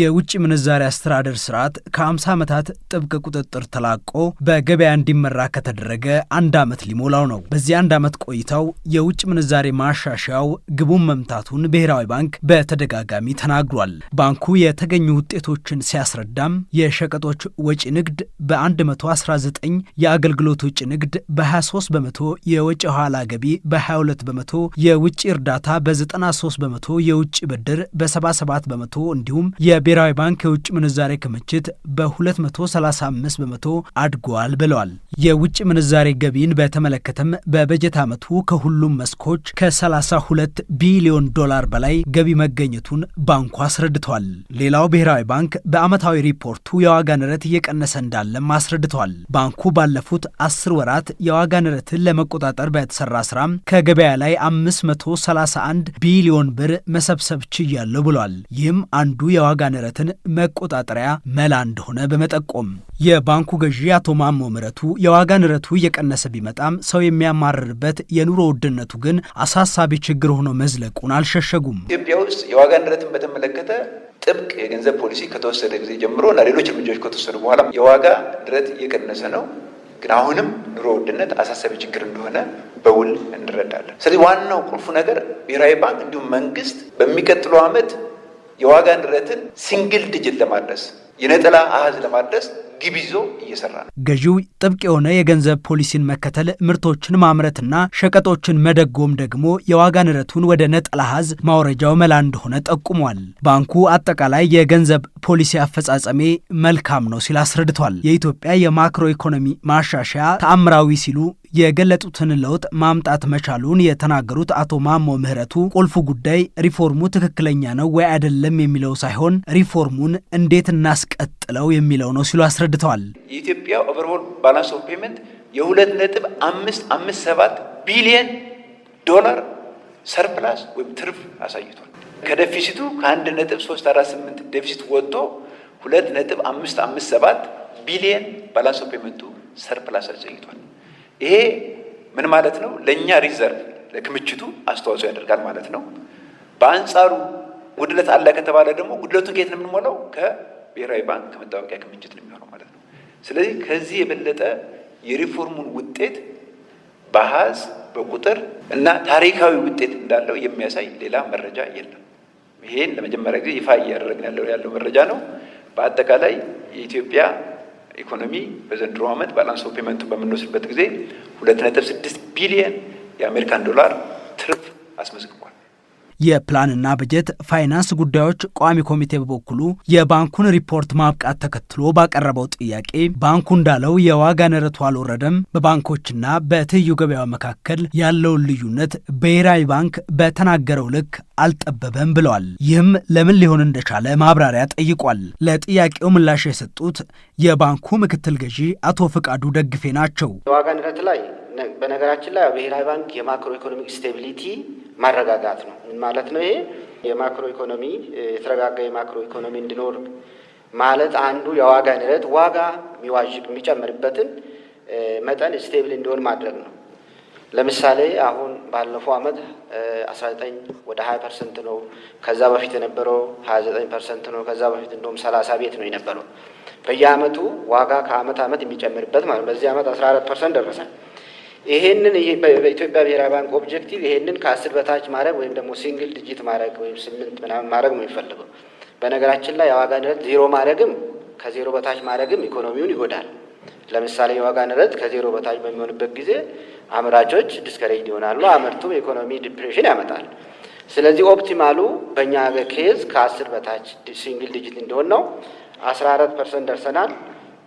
የውጭ ምንዛሪ አስተዳደር ስርዓት ከ50 ዓመታት ጥብቅ ቁጥጥር ተላቆ በገበያ እንዲመራ ከተደረገ አንድ ዓመት ሊሞላው ነው። በዚህ አንድ ዓመት ቆይታው የውጭ ምንዛሬ ማሻሻያው ግቡን መምታቱን ብሔራዊ ባንክ በተደጋጋሚ ተናግሯል። ባንኩ የተገኙ ውጤቶችን ሲያስረዳም የሸቀጦች ወጪ ንግድ በ119፣ የአገልግሎት ውጭ ንግድ በ23 በመቶ፣ የወጪ ኋላ ገቢ በ22 በመቶ፣ የውጭ እርዳታ በ93 በመቶ፣ የውጭ ብድር በ77 በመቶ እንዲሁም በብሔራዊ ባንክ የውጭ ምንዛሬ ክምችት በ235 በመቶ አድጓል ብለዋል። የውጭ ምንዛሬ ገቢን በተመለከተም በበጀት ዓመቱ ከሁሉም መስኮች ከ32 ቢሊዮን ዶላር በላይ ገቢ መገኘቱን ባንኩ አስረድቷል። ሌላው ብሔራዊ ባንክ በዓመታዊ ሪፖርቱ የዋጋ ንረት እየቀነሰ እንዳለም አስረድቷል። ባንኩ ባለፉት አስር ወራት የዋጋ ንረትን ለመቆጣጠር በተሰራ ስራ ከገበያ ላይ 531 ቢሊዮን ብር መሰብሰብ ችያለሁ ብሏል። ይህም አንዱ የዋጋ ንረትን መቆጣጠሪያ መላ እንደሆነ በመጠቆም የባንኩ ገዢ አቶ ማሞ ምረቱ የዋጋ ንረቱ እየቀነሰ ቢመጣም ሰው የሚያማርርበት የኑሮ ውድነቱ ግን አሳሳቢ ችግር ሆኖ መዝለቁን አልሸሸጉም። ኢትዮጵያ ውስጥ የዋጋ ንረትን በተመለከተ ጥብቅ የገንዘብ ፖሊሲ ከተወሰደ ጊዜ ጀምሮ እና ሌሎች እርምጃዎች ከተወሰዱ በኋላ የዋጋ ንረት እየቀነሰ ነው። ግን አሁንም ኑሮ ውድነት አሳሳቢ ችግር እንደሆነ በውል እንረዳለን። ስለዚህ ዋናው ቁልፉ ነገር ብሔራዊ ባንክ እንዲሁም መንግስት በሚቀጥለው ዓመት የዋጋ ንረትን ሲንግል ድጅት ለማድረስ የነጠላ አሃዝ ለማድረስ ግብ ይዞ እየሰራ ነው። ገዢው ጥብቅ የሆነ የገንዘብ ፖሊሲን መከተል፣ ምርቶችን ማምረትና ሸቀጦችን መደጎም ደግሞ የዋጋ ንረቱን ወደ ነጠላ አሃዝ ማውረጃው መላ እንደሆነ ጠቁሟል። ባንኩ አጠቃላይ የገንዘብ ፖሊሲ አፈጻጸሜ መልካም ነው ሲል አስረድቷል። የኢትዮጵያ የማክሮ ኢኮኖሚ ማሻሻያ ተአምራዊ ሲሉ የገለጡትን ለውጥ ማምጣት መቻሉን የተናገሩት አቶ ማሞ ምህረቱ ቁልፉ ጉዳይ ሪፎርሙ ትክክለኛ ነው ወይ አይደለም የሚለው ሳይሆን ሪፎርሙን እንዴት እናስቀ ቀጥለው የሚለው ነው ሲሉ አስረድተዋል። የኢትዮጵያ ኦቨርቦል ባላንስ ኦፍ ፔመንት የሁለት ነጥብ አምስት አምስት ሰባት ቢሊየን ዶላር ሰርፕላስ ወይም ትርፍ አሳይቷል። ከደፊሲቱ ከአንድ ነጥብ ሶስት አራት ስምንት ደፊሲት ወጥቶ ሁለት ነጥብ አምስት አምስት ሰባት ቢሊየን ባላንስ ኦፍ ፔመንቱ ሰርፕላስ አሳይቷል። ይሄ ምን ማለት ነው? ለእኛ ሪዘርቭ ለክምችቱ አስተዋጽኦ ያደርጋል ማለት ነው። በአንጻሩ ጉድለት አለ ከተባለ ደግሞ ጉድለቱን ከየት ነው የምንሞላው? ብሔራዊ ባንክ መታወቂያ ክምችት ነው የሚሆነው ማለት ነው። ስለዚህ ከዚህ የበለጠ የሪፎርሙን ውጤት በሀዝ በቁጥር እና ታሪካዊ ውጤት እንዳለው የሚያሳይ ሌላ መረጃ የለም። ይሄን ለመጀመሪያ ጊዜ ይፋ እያደረግን ያለው ያለው መረጃ ነው። በአጠቃላይ የኢትዮጵያ ኢኮኖሚ በዘንድሮ ዓመት ባላንስ ኦፍ ፔመንቱን በምንወስድበት ጊዜ ሁለት ነጥብ ስድስት ቢሊየን የአሜሪካን ዶላር ትርፍ አስመዝግቧል። የፕላንና በጀት ፋይናንስ ጉዳዮች ቋሚ ኮሚቴ በበኩሉ የባንኩን ሪፖርት ማብቃት ተከትሎ ባቀረበው ጥያቄ ባንኩ እንዳለው የዋጋ ንረቱ አልወረደም፣ በባንኮችና በትይዩ ገበያ መካከል ያለውን ልዩነት ብሔራዊ ባንክ በተናገረው ልክ አልጠበበም ብለዋል። ይህም ለምን ሊሆን እንደቻለ ማብራሪያ ጠይቋል። ለጥያቄው ምላሽ የሰጡት የባንኩ ምክትል ገዢ አቶ ፍቃዱ ደግፌ ናቸው። የዋጋ ንረት ላይ በነገራችን ላይ ብሔራዊ ባንክ የማክሮ ኢኮኖሚክ ስቴቢሊቲ ማረጋጋት ነው። ምን ማለት ነው? ይሄ የማክሮ ኢኮኖሚ የተረጋጋ የማክሮ ኢኮኖሚ እንዲኖር ማለት አንዱ የዋጋ ንረት ዋጋ የሚዋዥቅ የሚጨምርበትን መጠን ስቴብል እንዲሆን ማድረግ ነው። ለምሳሌ አሁን ባለፈው ዓመት 19 ወደ ሀያ ፐርሰንት ነው። ከዛ በፊት የነበረው 29 ፐርሰንት ነው። ከዛ በፊት እንደውም ሰላሳ ቤት ነው የነበረው። በየአመቱ ዋጋ ከአመት አመት የሚጨምርበት ማለት ነው። በዚህ አመት አስራ አራት ፐርሰንት ደረሰ። ይሄንን በኢትዮጵያ ብሔራዊ ባንክ ኦብጀክቲቭ ይሄንን ከአስር በታች ማድረግ ወይም ደግሞ ሲንግል ዲጂት ማድረግ ወይም ስምንት ምናምን ማድረግ ነው የሚፈልገው። በነገራችን ላይ የዋጋ ንረት ዜሮ ማድረግም ከዜሮ በታች ማድረግም ኢኮኖሚውን ይጎዳል። ለምሳሌ የዋጋ ንረት ከዜሮ በታች በሚሆንበት ጊዜ አምራቾች ዲስከሬጅ ይሆናሉ። አምርቱ የኢኮኖሚ ዲፕሬሽን ያመጣል። ስለዚህ ኦፕቲማሉ በእኛ ሀገር ኬዝ ከአስር በታች ሲንግል ዲጂት እንደሆን ነው። አስራ አራት ፐርሰንት ደርሰናል።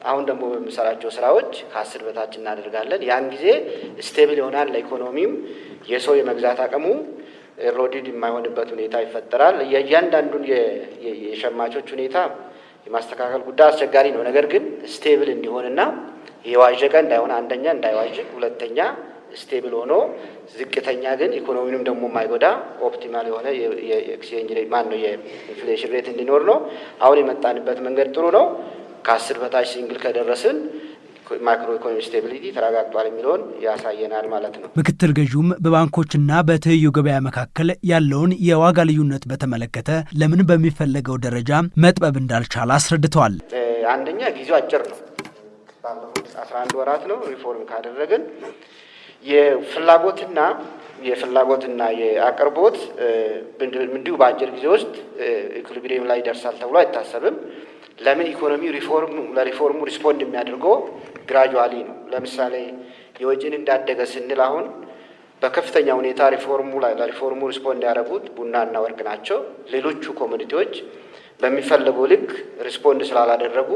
አሁን ደግሞ በምንሰራቸው ስራዎች ከአስር በታች እናደርጋለን። ያን ጊዜ ስቴብል ይሆናል። ለኢኮኖሚም የሰው የመግዛት አቅሙ ሮዲድ የማይሆንበት ሁኔታ ይፈጠራል። የእያንዳንዱን የሸማቾች ሁኔታ የማስተካከል ጉዳይ አስቸጋሪ ነው። ነገር ግን ስቴብል እንዲሆንና የዋዠቀ እንዳይሆን አንደኛ እንዳይዋዥቅ፣ ሁለተኛ ስቴብል ሆኖ ዝቅተኛ ግን ኢኮኖሚንም ደግሞ የማይጎዳ ኦፕቲማል የሆነ የኤክስቼንጅ ሬት ማን ነው የኢንፍሌሽን ሬት እንዲኖር ነው። አሁን የመጣንበት መንገድ ጥሩ ነው። ከአስር በታች ሲንግል ከደረስን ማክሮ ኢኮኖሚ ስቴቢሊቲ ተረጋግጧል የሚለውን ያሳየናል ማለት ነው። ምክትል ገዥውም በባንኮችና በትይዩ ገበያ መካከል ያለውን የዋጋ ልዩነት በተመለከተ ለምን በሚፈለገው ደረጃ መጥበብ እንዳልቻለ አስረድተዋል። አንደኛ ጊዜው አጭር ነው። ባለፉት አስራ አንድ ወራት ነው ሪፎርም ካደረግን የፍላጎትና የፍላጎትና የአቅርቦት እንዲሁ በአጭር ጊዜ ውስጥ ኢኩሊብሪየም ላይ ይደርሳል ተብሎ አይታሰብም። ለምን ኢኮኖሚ ሪፎርም ለሪፎርሙ ሪስፖንድ የሚያደርገው ግራጁዋሊ ነው። ለምሳሌ የወጪን እንዳደገ ስንል አሁን በከፍተኛ ሁኔታ ሪፎርሙ ላይ ለሪፎርሙ ሪስፖንድ ያደረጉት ቡናና ወርቅ ናቸው። ሌሎቹ ኮሚኒቲዎች በሚፈለገው ልክ ሪስፖንድ ስላላደረጉ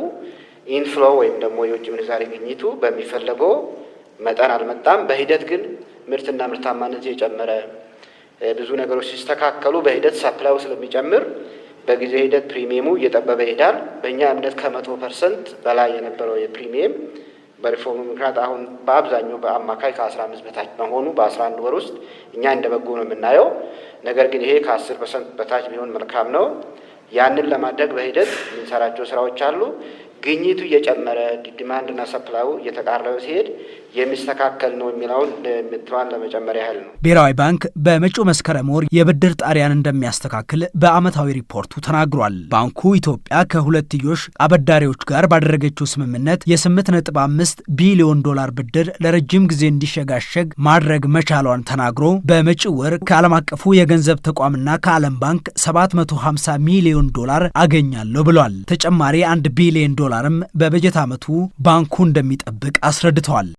ኢንፍሎ ወይም ደግሞ የውጭ ምንዛሪ ግኝቱ በሚፈለገው መጠን አልመጣም። በሂደት ግን ምርትና ምርታማነት የጨመረ ብዙ ነገሮች ሲስተካከሉ በሂደት ሰፕላዩ ስለሚጨምር በጊዜ ሂደት ፕሪሚየሙ እየጠበበ ይሄዳል። በእኛ እምነት ከመቶ ፐርሰንት በላይ የነበረው የፕሪሚየም በሪፎርሙ ምክንያት አሁን በአብዛኛው በአማካይ ከአስራ አምስት በታች መሆኑ በአስራ አንድ ወር ውስጥ እኛ እንደ በጎ ነው የምናየው። ነገር ግን ይሄ ከአስር ፐርሰንት በታች ቢሆን መልካም ነው። ያንን ለማድረግ በሂደት የምንሰራቸው ስራዎች አሉ። ግኝቱ እየጨመረ ዲማንድና ሰፕላዩ እየተቃረበ ሲሄድ የሚስተካከል ነው የሚለውን ምትባን ለመጨመር ያህል ነው። ብሔራዊ ባንክ በመጪው መስከረም ወር የብድር ጣሪያን እንደሚያስተካክል በዓመታዊ ሪፖርቱ ተናግሯል። ባንኩ ኢትዮጵያ ከሁለትዮሽ አበዳሪዎች ጋር ባደረገችው ስምምነት የስምት ነጥብ አምስት ቢሊዮን ዶላር ብድር ለረጅም ጊዜ እንዲሸጋሸግ ማድረግ መቻሏን ተናግሮ በመጪው ወር ከዓለም አቀፉ የገንዘብ ተቋምና ከዓለም ባንክ 750 ሚሊዮን ዶላር አገኛለሁ ብሏል። ተጨማሪ አንድ ቢሊዮን ዶላርም በበጀት ዓመቱ ባንኩ እንደሚጠብቅ አስረድተዋል።